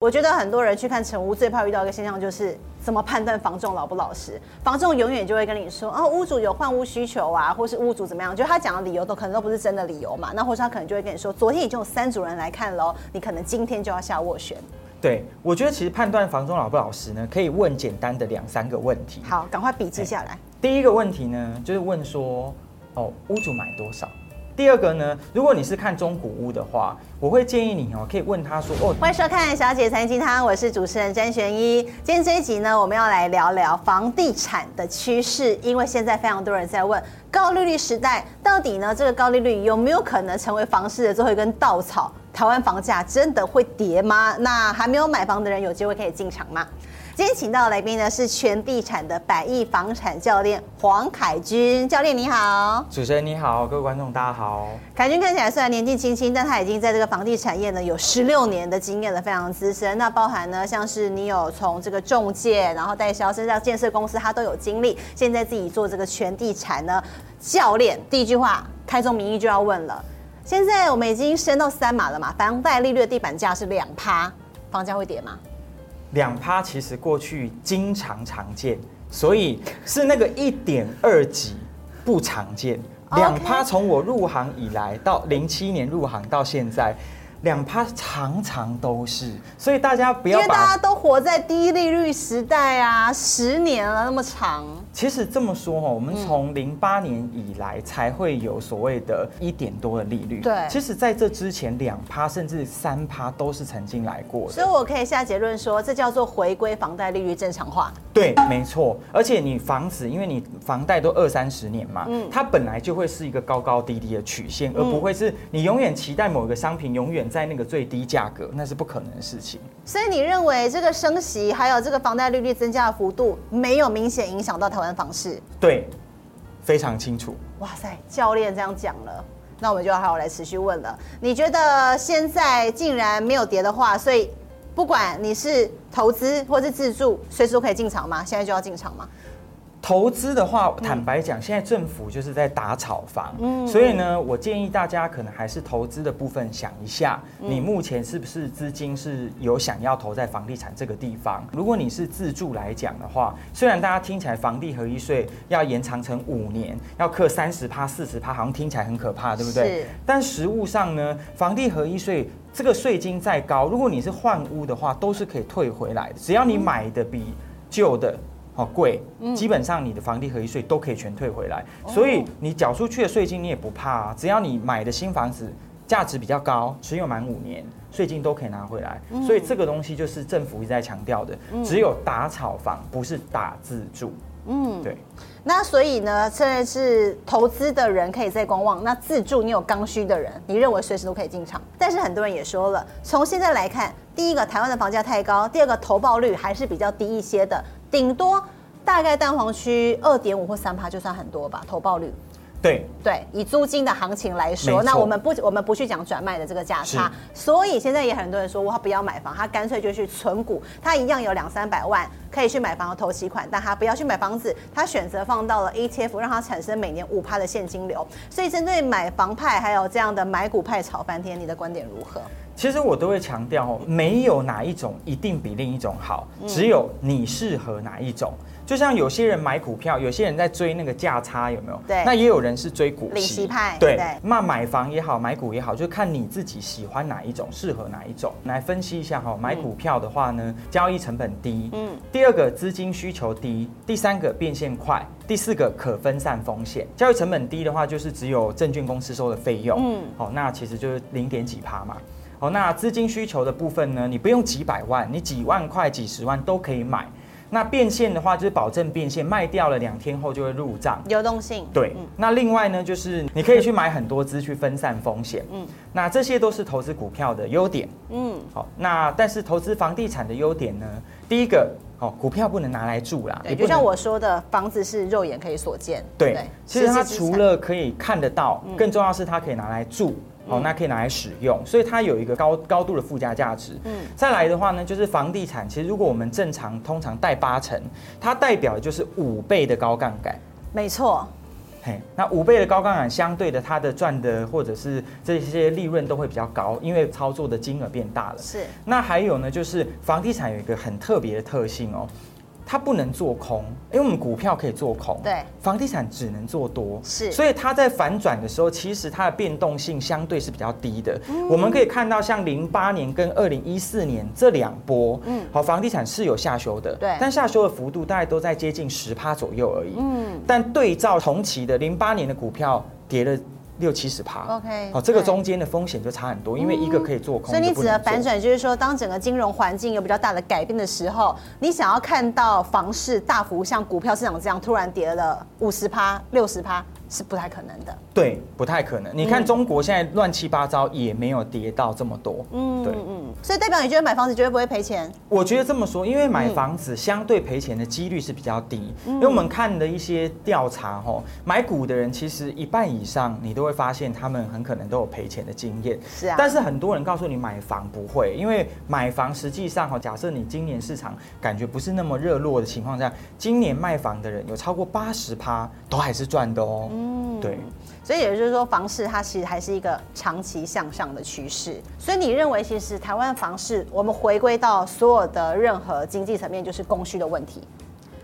我覺得很多人去看成屋，最怕遇到一個現象，就是怎麼判斷房仲老不老實。房仲永遠就會跟你說，哦、啊，屋主有換屋需求啊，或是屋主怎麼樣，就他講的理由都可能都不是真的理由嘛。那或者他可能就會跟你說，昨天已經有三組人來看了，你可能今天就要下斡旋。對，我覺得，其實判斷房仲老不老實呢，可以問簡單的兩三個問題。好，趕快筆記下來。第一個問題呢，就是問說，哦，屋主買多少？第二個呢，如果你是看中古屋的話，我會建議你哦，可以問他說哦。歡迎收看《小姐財經台，》 我是主持人詹玄一、詹璇依。今天這一集呢，我們要來聊聊房地產的趨勢，因為現在非常多人在問，高利率時代到底呢，這個高利率有沒有可能成為房市的最後一根稻草？台灣房價真的會跌嗎？那還沒有買房的人有機會可以進場嗎？今天請到的來賓呢是全地產的百億房產教練黃楷鈞教練你好，主持人你好，各位觀眾大家好。楷鈞看起來雖然年紀輕輕，但他已經在這個房地產業呢有十六年的經驗了，非常資深。那包含呢像是你有從這個仲介，然後代銷，甚至到建設公司，他都有經歷。現在自己做這個全地產呢教練，第一句話開宗明義就要問了：現在我們已經升到三碼了嘛？房貸利率的地板價是兩趴，房價會跌嗎？兩趴其實過去經常常見，所以是那個一點二幾不常見。兩趴從我入行以來到零七年入行到現在。兩趴常常都是，所以大家不要。因為大家都活在低利率時代啊，十年了那麼長。其實這麼說哦，我們從零八年以來才會有所謂的一點多的利率。對。其實在這之前，兩趴甚至三趴都是曾經來過的。所以我可以下結論說，這叫做回歸房貸利率正常化。對，沒錯。而且你房子，因為你房貸都二三十年嘛，嗯，它本來就會是一個高高低低的曲線，而不會是你永遠期待某一個商品永遠。在那個最低價格，那是不可能的事情。所以你認為這個升息還有這個房貸利率,率增加的幅度，沒有明顯影響到台灣房市？對，非常清楚。哇塞，教練這樣講了，那我們就好好來持續問了。你覺得現在既然沒有跌的話，所以不管你是投資或是自住，隨時都可以進場嗎？現在就要進場嗎？投資的話，坦白講，嗯、現在政府就是在打炒房，嗯嗯、所以呢，我建議大家可能還是投資的部分想一下，嗯、你目前是不是資金是有想要投在房地產這個地方？如果你是自住來講的話，雖然大家聽起來房地合一稅要延長成五年，要課三十趴、四十趴，好像聽起來很可怕，對不對？是但實務上呢，房地合一稅這個稅金再高，如果你是換屋的話，都是可以退回來的，只要你買的比舊的。嗯好貴，基本上你的房地合一稅都可以全退回來，所以你繳出去的稅金你也不怕啊。只要你買的新房子價值比較高，持有滿五年，稅金都可以拿回來。所以這個東西就是政府一直在強調的，只有打炒房，不是打自住。嗯，對。那所以呢，現在是投資的人可以在觀望，那自住你有剛需的人，你認為隨時都可以進場。但是很多人也說了，從現在來看，第一個台灣的房價太高，第二個投報率還是比較低一些的。頂多大概蛋黃區二點五或三趴就算很多吧，投報率。對對，以租金的行情來說，錯那我們不我們不去講轉賣的這個價差。是所以現在也很多人說，我不要買房，他乾脆就去存股，他一樣有兩三百萬可以去買房的頭期款，但他不要去買房子，他選擇放到了 ETF，讓它產生每年五趴的現金流。所以針對買房派還有這樣的買股派炒翻天，你的觀點如何？其實我都會強調，沒有哪一種一定比另一種好，只有你適合哪一種。就像有些人買股票，有些人在追那個價差，有沒有？對。那也有人是追股息派，對。那買房也好，買股也好，就看你自己喜歡哪一種，適合哪一種。來分析一下哈，買股票的話呢，交易成本低，嗯。第二個，資金需求低。第三個，變現快。第四個，可分散風險。交易成本低的話，就是只有證券公司收的費用，嗯。好，那其實就是零點幾趴嘛。好、哦，那資金需求的部分呢？你不用幾百萬，你幾萬塊、幾十萬都可以買。那變現的話，就是保證變現，賣掉了兩天後就會入賬。流動性。對。嗯、那另外呢，就是你可以去買很多支去分散風險。嗯。那這些都是投資股票的優點。嗯。好、哦，那但是投資房地產的優點呢？第一個，好、哦、股票不能拿來住啦。對也就像我說的，房子是肉眼可以所見。對。對，其實它除了可以看得到，更重要是它可以拿來住。好、哦，那可以拿來使用，所以它有一個高高度的附加價值。嗯，再來的話呢，就是房地產，其實如果我們正常通常貸八成，它代表的就是五倍的高槓桿，沒錯。嘿，那五倍的高槓桿，相對的它的賺的或者是這些利潤都會比較高，因為操作的金額變大了。是，那還有呢，就是房地產有一個很特別的特性哦。它不能做空，因為我們股票可以做空。對，房地產只能做多。是，所以它在反轉的時候，其實它的變動性相對是比較低的。嗯，我們可以看到，像零八年跟二零一四年這兩波，嗯，好，房地產是有下修的，對，但下修的幅度大概都在接近十趴左右而已。嗯，但對照同期的零八年的股票跌了。六七十趴，OK，好、哦，對這個中間的風險就差很多，嗯、因為一個可以做空做，所以你指的反轉就是說，當整個金融環境有比較大的改變的時候，你想要看到房市大幅像股票市場這樣突然跌了五十趴、六十趴。是不太可能的，對，不太可能。你看中國現在亂七八糟，也沒有跌到這麼多。嗯，對，嗯。所以代表你覺得買房子絕對不會賠錢？我覺得這麼說，因為買房子相對賠錢的幾率是比較低。因為我們看的一些調查，吼，買股的人其實一半以上，你都會發現他們很可能都有賠錢的經驗。是啊。但是很多人告訴你買房不會，因為買房實際上，吼，假設你今年市場感覺不是那麼熱絡的情況下，今年賣房的人有超過八十趴都還是賺的哦、喔。嗯，對，所以也就是說，房市它其實還是一個長期向上的趨勢。所以你認為，其實台灣房市，我們回歸到所有的任何經濟層面，就是供需的問題。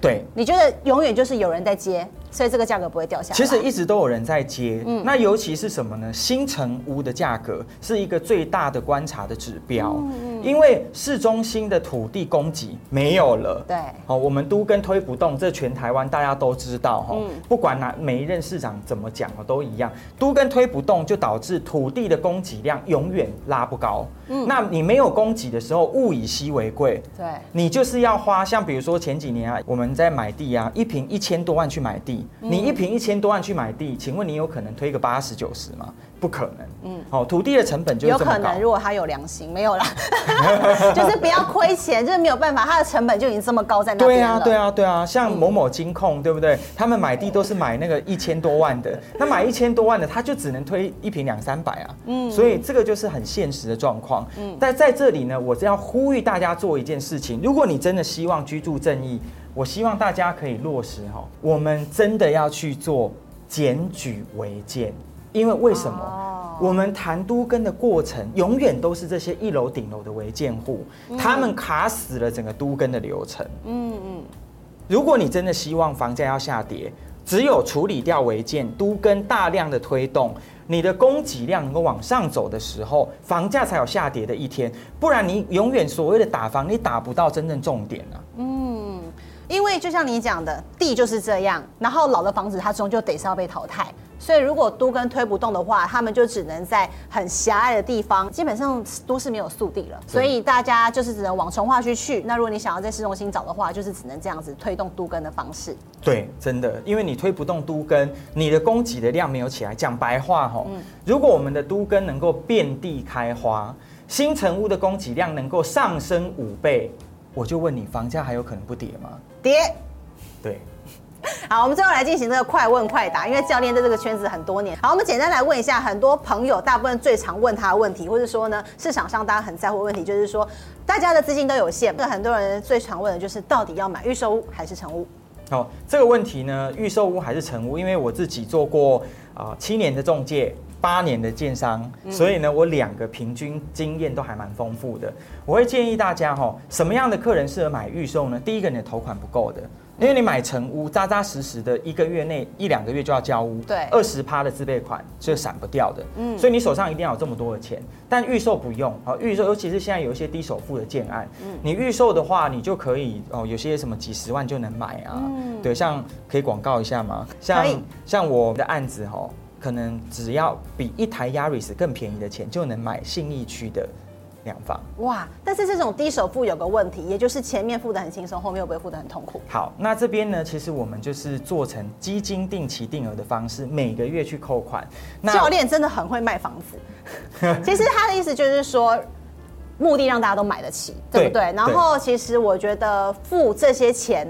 對，你覺得永遠就是有人在接？所以這個價格不會掉下來。其實一直都有人在接，嗯、那尤其是什麼呢？新成屋的價格是一個最大的觀察的指標，嗯嗯，因為市中心的土地供給沒有了，對、哦，我們都更推不動，這全台灣大家都知道哈、哦，嗯、不管哪每一任市長怎麼講都一樣，都更推不動，就導致土地的供給量永遠拉不高。嗯，那你沒有供給的時候，物以稀為貴，對你就是要花，像比如說前幾年啊，我們在買地啊，一坪一千多萬去買地。嗯、你一瓶一千多萬去買地，請問你有可能推個八十九十嗎？不可能。嗯、好、哦，土地的成本就有可能。如果他有良心，沒有啦， 就是不要虧錢，就是沒有辦法，它的成本就已經這麼高在那。對啊，對啊，對啊，像某某金控，嗯、對不對？他們買地都是買那個一千多萬的，那、嗯、買一千多萬的，他就只能推一瓶兩三百啊。嗯，所以這個就是很現實的狀況。嗯，但在這裡呢，我是要呼籲大家做一件事情：如果你真的希望居住正義。我希望大家可以落實哈、哦，我們真的要去做檢舉違建，因為為什麼？我們談都更的過程，永遠都是這些一樓頂樓的違建戶，他們卡死了整個都更的流程。嗯嗯，如果你真的希望房價要下跌，只有處理掉違建，都更大量的推動，你的供給量能夠往上走的時候，房價才有下跌的一天，不然你永遠所謂的打房，你打不到真正重點，啊因為就像你講的，地就是這樣，然後老的房子它終究得是要被淘汰，所以如果都更推不動的話，他們就只能在很狹隘的地方，基本上都是沒有素地了，所以，所以大家就是只能往重劃區。去。那如果你想要在市中心找的話，就是只能這樣子推動都更的方式。對，真的，因為你推不動都更，你的供給的量沒有起來。講白話哈、哦，嗯、如果我們的都更能夠遍地開花，新成屋的供給量能夠上升五倍，我就問你，房價還有可能不跌嗎？跌，對，好，我們最後來進行這個快問快答，因為教練在這個圈子很多年。好，我們簡單來問一下很多朋友，大部分最常問他的問題，或者說呢，市場上大家很在乎的問題，就是說大家的資金都有限，那、這個、很多人最常問的就是到底要買預售屋還是成屋？好、哦，這個問題呢，預售屋還是成屋？因為我自己做過啊、呃、七年的中介。八年的建商，嗯、所以呢，我兩個平均經驗都還蠻豐富的。我會建議大家哈，什麼樣的客人適合買預售呢？第一個，你的頭款不夠的，因為你買成屋扎扎實實的一個月內一兩個月就要交屋，對，二十趴的自備款是閃不掉的，嗯，所以你手上一定要有這麼多的錢。但預售不用好，預售尤其是現在有一些低首付的建案，嗯，你預售的話，你就可以哦，有些什麼幾十萬就能買啊，嗯，對，像可以廣告一下嗎？像可以像我的案子哈。可能只要比一台 Yaris 更便宜的錢，就能買信義區的兩房。哇！但是這種低首付有個問題，也就是前面付得很輕鬆，後面會不會付得很痛苦？好，那這邊呢，其實我們就是做成基金定期定額的方式，每個月去扣款。那教練真的很會賣房子， 其實他的意思就是說，目的讓大家都買得起，對，對不對？然後其實我覺得付這些錢。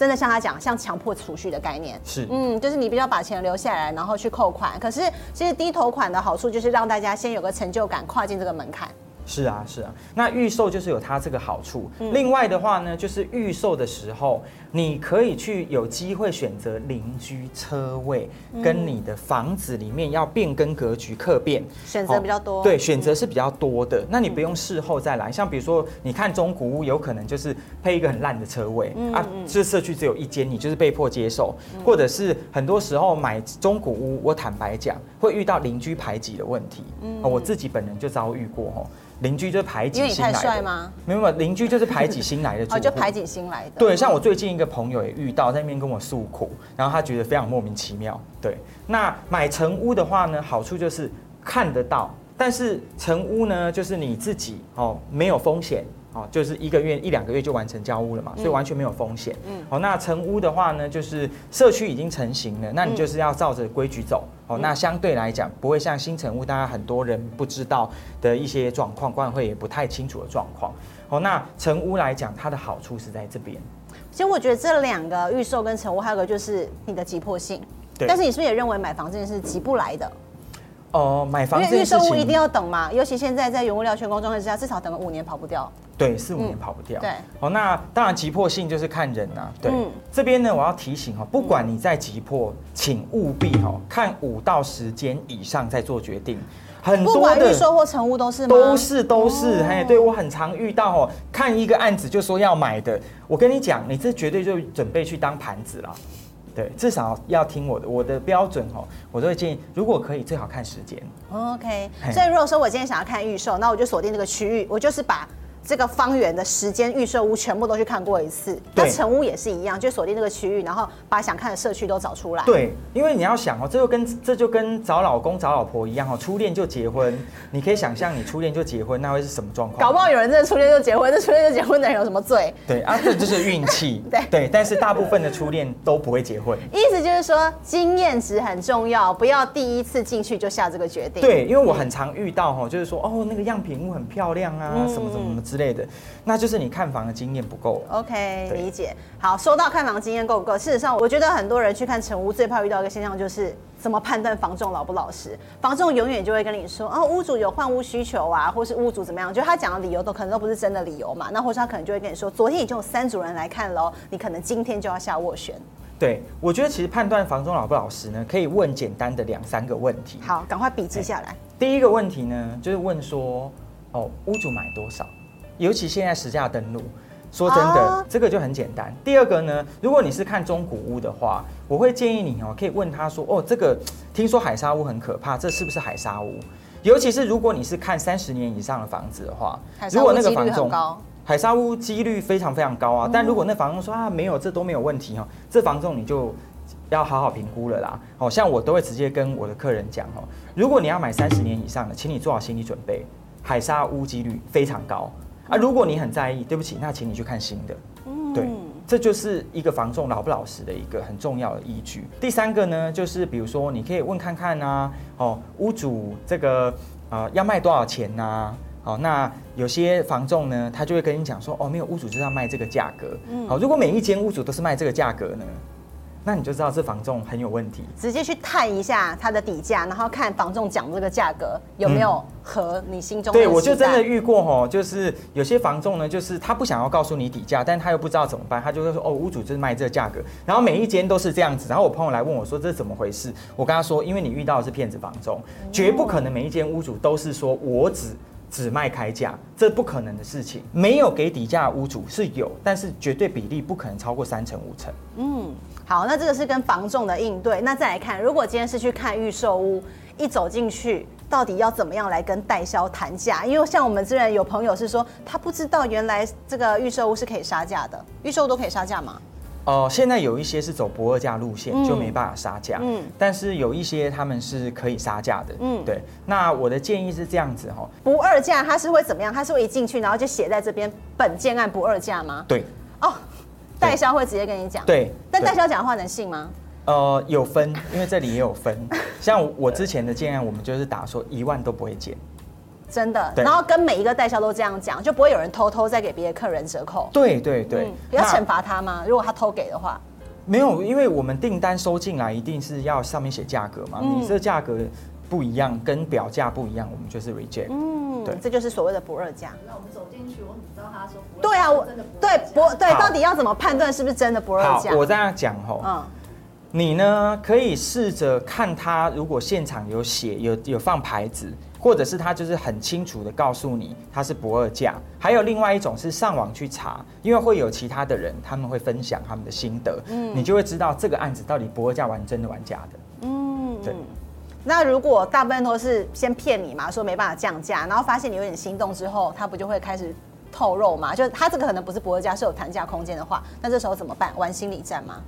真的像他講，像強迫儲蓄的概念是，嗯，就是你必須要把錢留下來，然後去扣款。可是其實低頭款的好處就是讓大家先有個成就感，跨進這個門檻。是啊，是啊，那預售就是有它這個好處。嗯，另外的話呢，就是預售的時候。你可以去有機會選擇鄰居車位，跟你的房子裡面要變更格局，客變、嗯、選擇比較多。哦、對，選擇是比較多的。嗯、那你不用事後再來，像比如說你看中古屋，有可能就是配一個很爛的車位、嗯嗯、啊，這、就是、社區只有一間，你就是被迫接受。嗯、或者是很多時候買中古屋，我坦白講會遇到鄰居排擠的問題。嗯、哦，我自己本人就遭遇過，哦，鄰居就是排擠新來的。因為你太帥嗎？明白，鄰居就是排擠新， 新來的。哦，就排擠新來的。對，像我最近。一個朋友也遇到在那邊跟我訴苦，然後他覺得非常莫名其妙。對，那買成屋的話呢，好處就是看得到，但是成屋呢，就是你自己哦，沒有風險哦，就是一個月一兩個月就完成交屋了嘛，嗯、所以完全沒有風險。嗯，哦，那成屋的話呢，就是社區已經成型了，那你就是要照着規矩走、嗯、哦。那相對來講，不會像新成屋，大家很多人不知道的一些狀況，管委會也不太清楚的狀況。哦，那成屋來講，它的好處是在這邊。其實我覺得這兩個預售跟成屋，還有一個就是你的急迫性。對。但是你是不是也認為買房這件事急不來的？哦、呃，買房子因為預售屋一定要等嘛，情尤其現在在原物料全光狀態之下，至少等個五年跑不掉。對，四五年跑不掉。嗯、對。好、喔。那當然急迫性就是看人吶、啊。對。嗯、這邊呢，我要提醒哈、喔，不管你再急迫，請務必哈、喔、看五到十間以上再做決定。很多不管預售或成屋都是嗎？都是都是，都是 oh. 嘿，對我很常遇到哦，看一個案子就說要買的，我跟你講，你這絕對就準備去當盤子了，對，至少要聽我的，我的標準哦，我都會建議，如果可以最好看時間。OK，嘿所以如果說我今天想要看預售，那我就鎖定這個區域，我就是把。這個方圓的時間預售屋全部都去看過一次，那成對屋也是一樣，就鎖定這個區域，然後把想看的社區都找出來。對，因為你要想哦，這就跟這就跟找老公找老婆一樣哦，初戀就結婚， 你可以想象你初戀就結婚，那會是什麼狀況？搞不好有人真的初戀就結婚，那初戀就結婚的人有什麼罪？對啊，這就是運氣。 對對，但是大部分的初戀都不會結婚。 意思就是說，經驗值很重要，不要第一次進去就下這個決定。對，因為我很常遇到哈、哦，就是說哦，那個樣品屋很漂亮啊，嗯、什麼什麼什麼。之類的，那就是你看房的經驗不夠。OK，對理解。好，說到看房經驗夠不夠，事實上我覺得很多人去看成屋，最怕遇到一個現象就是怎麼判斷房仲老不老實？房仲永遠就會跟你說，哦，屋主有換屋需求啊，或是屋主怎麼樣，就他講的理由都可能都不是真的理由嘛。那或者他可能就會跟你說，昨天已經有三組人來看嘍，你可能今天就要下斡旋。對，我覺得其實判斷房仲老不老實呢，可以問簡單的兩三個問題。好，趕快筆記下來。哎，第一個問題呢，就是問說，哦，屋主買多少？尤其現在實價登錄，說真的，啊、這個就很簡單。第二個呢，如果你是看中古屋的話，我會建議你哦、喔，可以問他說：“哦、喔，這個聽說海砂屋很可怕，這是不是海砂屋？”尤其是如果你是看三十年以上的房子的話，海砂屋如果那個房東海砂屋幾率非常非常高啊。但如果那房東說啊沒有，這都沒有問題哦、喔，這房東你就要好好評估了啦。好、喔、像我都會直接跟我的客人講哦、喔，如果你要買三十年以上的，請你做好心理準備，海砂屋幾率非常高。啊，如果你很在意，對不起，那請你去看新的。對，這就是一個房仲老不老實的一個很重要的依據。第三個呢，就是比如說，你可以問看看啊，哦，屋主這個啊，呃，要賣多少錢呢，啊？哦，那有些房仲呢，他就會跟你講說，哦，沒有，屋主就要賣這個價格。嗯，好，如果每一間屋主都是賣這個價格呢？那你就知道這房仲很有問題，直接去探一下它的底價，然後看房仲講這個價格有沒有合你心中的、嗯、對，我就真的遇過吼，就是有些房仲呢，就是他不想要告訴你底價，但他又不知道怎麼辦，他就會說哦，屋主就是賣這個價格，然後每一間都是這樣子，然後我朋友來問我說這是怎麼回事，我跟他說，因為你遇到的是騙子房仲，絕不可能每一間屋主都是說我只。只賣開價，這不可能的事情。沒有給底價的屋主是有，但是絕對比例不可能超過三成五成。嗯，好，那這個是跟房仲的應對。那再來看，如果今天是去看預售屋，一走進去，到底要怎麼樣來跟代銷談價？因為像我們這邊有朋友是說，他不知道原來這個預售屋是可以殺價的，預售屋都可以殺價嗎？哦、呃，現在有一些是走不二價路線，嗯、就沒辦法殺價。嗯，但是有一些他們是可以殺價的。嗯，對。那我的建議是這樣子哦，哈，不二價它是會怎麼樣？它是會一進去然後就寫在這邊本建案不二價嗎？對。哦，代銷會直接跟你講。對。但代銷講的話能信嗎？呃，有分，因為這裡也有分。 像我之前的建案，我們就是打說一萬都不會減。真的，然後跟每一個代銷都這樣講，就不會有人偷偷再給別的客人折扣。對對對，你要懲罰他嗎？如果他偷給的話，沒有，因為我們訂單收進來一定是要上面寫價格嘛，你這價格不一樣，跟表價不一樣，我們就是 reject。嗯，對，這就是所謂的不二價。那我們走進去，我怎麼知道他說？對啊，我對不？對，到底要怎麼判斷是不是真的不二價？我這樣講吼，嗯，你呢可以試着看他，如果現場有寫、有有放牌子。或者是他就是很清楚的告訴你他是不二價，還有另外一種是上網去查，因為會有其他的人他們會分享他們的心得，嗯，你就會知道這個案子到底不二價玩真的玩假的，嗯，對。那如果大部分都是先騙你嘛，說沒辦法降價，然後發現你有點心動之後，他不就會開始透露嘛？就他這個可能不是不二價，是有談價空間的話，那這時候怎麼辦？玩心理戰嗎？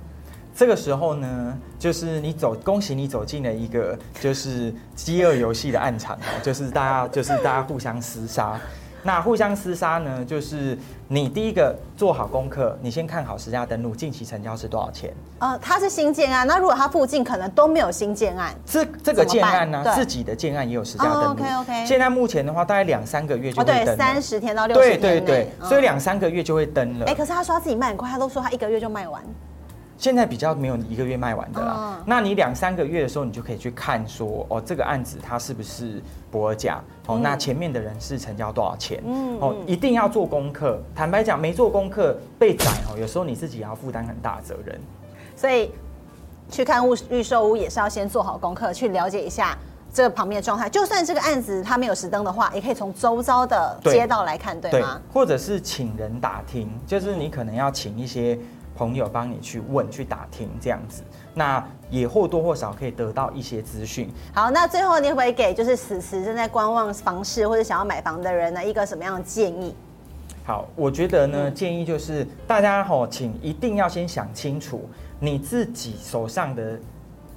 這個時候呢，就是你走，恭喜你走進了一個就是飢餓遊戲的暗場、啊，就是大家就是大家互相廝殺。那互相廝殺呢，就是你第一個做好功課，你先看好實價登錄近期成交是多少錢。啊、呃，它是新建案。那如果它附近可能都沒有新建案，這這個建案呢，自己的建案也有實價登錄。哦、OK OK。現在目前的話，大概兩三個月就會登、哦。對，三十天到六十天對、對、對、嗯、所以兩三個月就會登了。哎、欸，可是他說他自己賣很快，他都說他一個月就賣完。現在比較沒有一個月賣完的了。嗯，那你兩三個月的時候，你就可以去看說，哦，這個案子它是不是不二價？哦，嗯、那前面的人是成交多少錢、哦？嗯。哦，一定要做功課。坦白講，沒做功課被宰哦，有時候你自己也要負擔很大責任。所以，去看屋預售屋也是要先做好功課，去了解一下這個旁邊的狀態。就算這個案子它沒有實登的話，也可以從周遭的街道來看，對，對嗎？或者是請人打聽，就是你可能要請一些。朋友幫你去問、去打聽這樣子，那也或多或少可以得到一些資訊。好，那最後你會給就是此時正在觀望房市或者想要買房的人呢一個什麼樣的建議？好，我覺得呢、嗯、建議就是大家哈、哦，請一定要先想清楚你自己手上的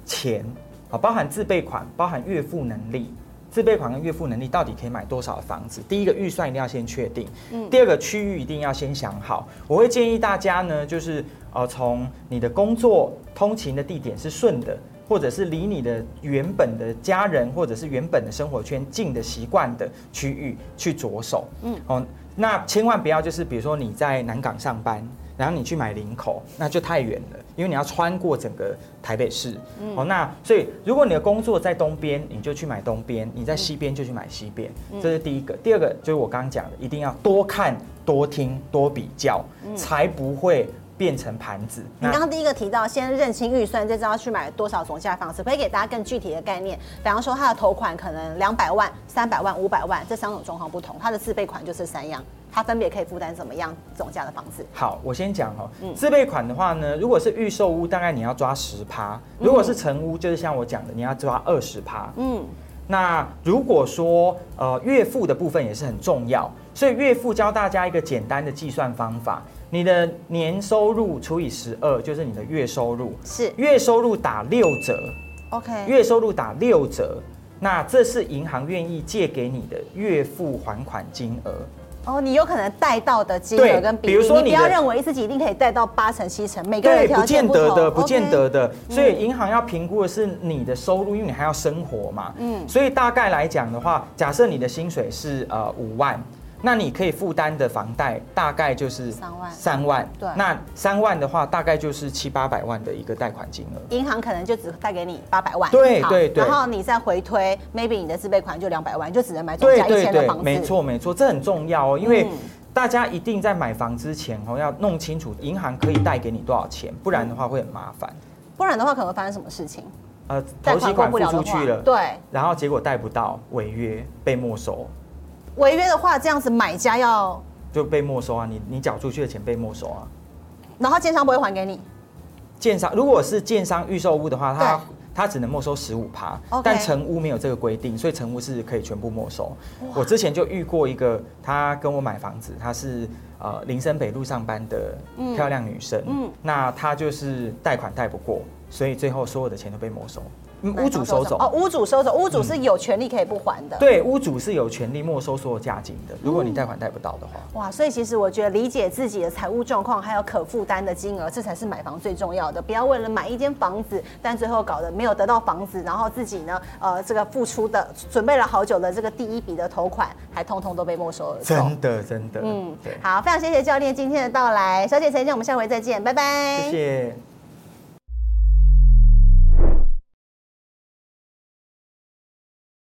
錢，啊，包含自備款，包含月付能力。自備款跟月付能力到底可以買多少的房子？第一個預算一定要先確定，嗯、第二個區域一定要先想好。我會建議大家呢，就是呃，從你的工作通勤的地點是順的，或者是離你的原本的家人或者是原本的生活圈近的習慣的區域去着手。嗯，哦、呃，那千萬不要就是比如說你在南港上班，然後你去買林口，那就太遠了，因為你要穿過整個台北市。嗯、好，那所以如果你的工作在東邊，你就去買東邊；你在西邊就去買西邊。嗯、這是第一個，第二個就是我剛剛講的，一定要多看、多聽、多比較，嗯、才不會。變成盤子。你剛剛第一個提到，先認清預算，再知道去買多少總價的房子，可以給大家更具體的概念？比方說，他的頭款可能兩百萬、三百萬、五百萬，這三種狀況不同，他的自備款就是三樣，它分別可以負擔怎麼樣總價的房子？好，我先講哦，自備款的話呢，嗯、如果是預售屋，大概你要抓十趴；如果是成屋，就是像我講的，你要抓二十趴。嗯，那如果說呃月付的部分也是很重要，所以月付教大家一個簡單的計算方法。你的年收入除以十二就是你的月收入。是月收入打六折，OK。月收入打六折，那這是銀行願意借給你的月付還款金額。哦，你有可能貸到的金額跟比，比如說你，你不要認為自己一定可以貸到八成、七成，每個月不。不見得的，不見得的。Okay. 所以銀行要評估的是你的收入，因為你還要生活嘛。嗯。所以大概來講的話，假設你的薪水是呃五萬。那你可以負擔的房貸大概就是三萬，三萬，對。那三萬的話，大概就是七八百萬的一個貸款金額。銀行可能就只貸給你八百萬，對,好對對對。然後你再回推，maybe 你的自備款就兩百萬，就只能買總價一千的房子。沒錯沒錯，這很重要哦，因為大家一定在買房之前哦要弄清楚銀行可以貸給你多少錢，不然的話會很麻煩。不然的話，可能會發生什麼事情？呃，頭期款付不出去了，對。然後結果貸不到，違約被沒收。違約的話，這樣子買家要就被沒收啊！你你繳出去的錢被沒收啊，然後建商不會還給你。建商如果是建商預售屋的話，他他對只能沒收十五趴，Okay 但成屋沒有這個規定，所以成屋是可以全部沒收。哇我之前就遇過一個，他跟我買房子，他是呃林森北路上班的漂亮女生，嗯，嗯那他就是貸款貸不過，所以最後所有的錢都被沒收。屋主收走哦，屋主收走，屋主是有權利可以不還的。嗯、對，屋主是有權利沒收所有價金的。如果你貸款貸不到的話、嗯，哇，所以其實我覺得理解自己的財務狀況，還有可負擔的金額，這才是買房最重要的。不要為了買一間房子，但最後搞得沒有得到房子，然後自己呢，呃，這個付出的準備了好久的這個第一筆的頭款，還通通都被沒收了。真的，真的，嗯，對好，非常謝謝教練今天的到來，小姐姐再見，我們下回再見，拜拜，謝謝。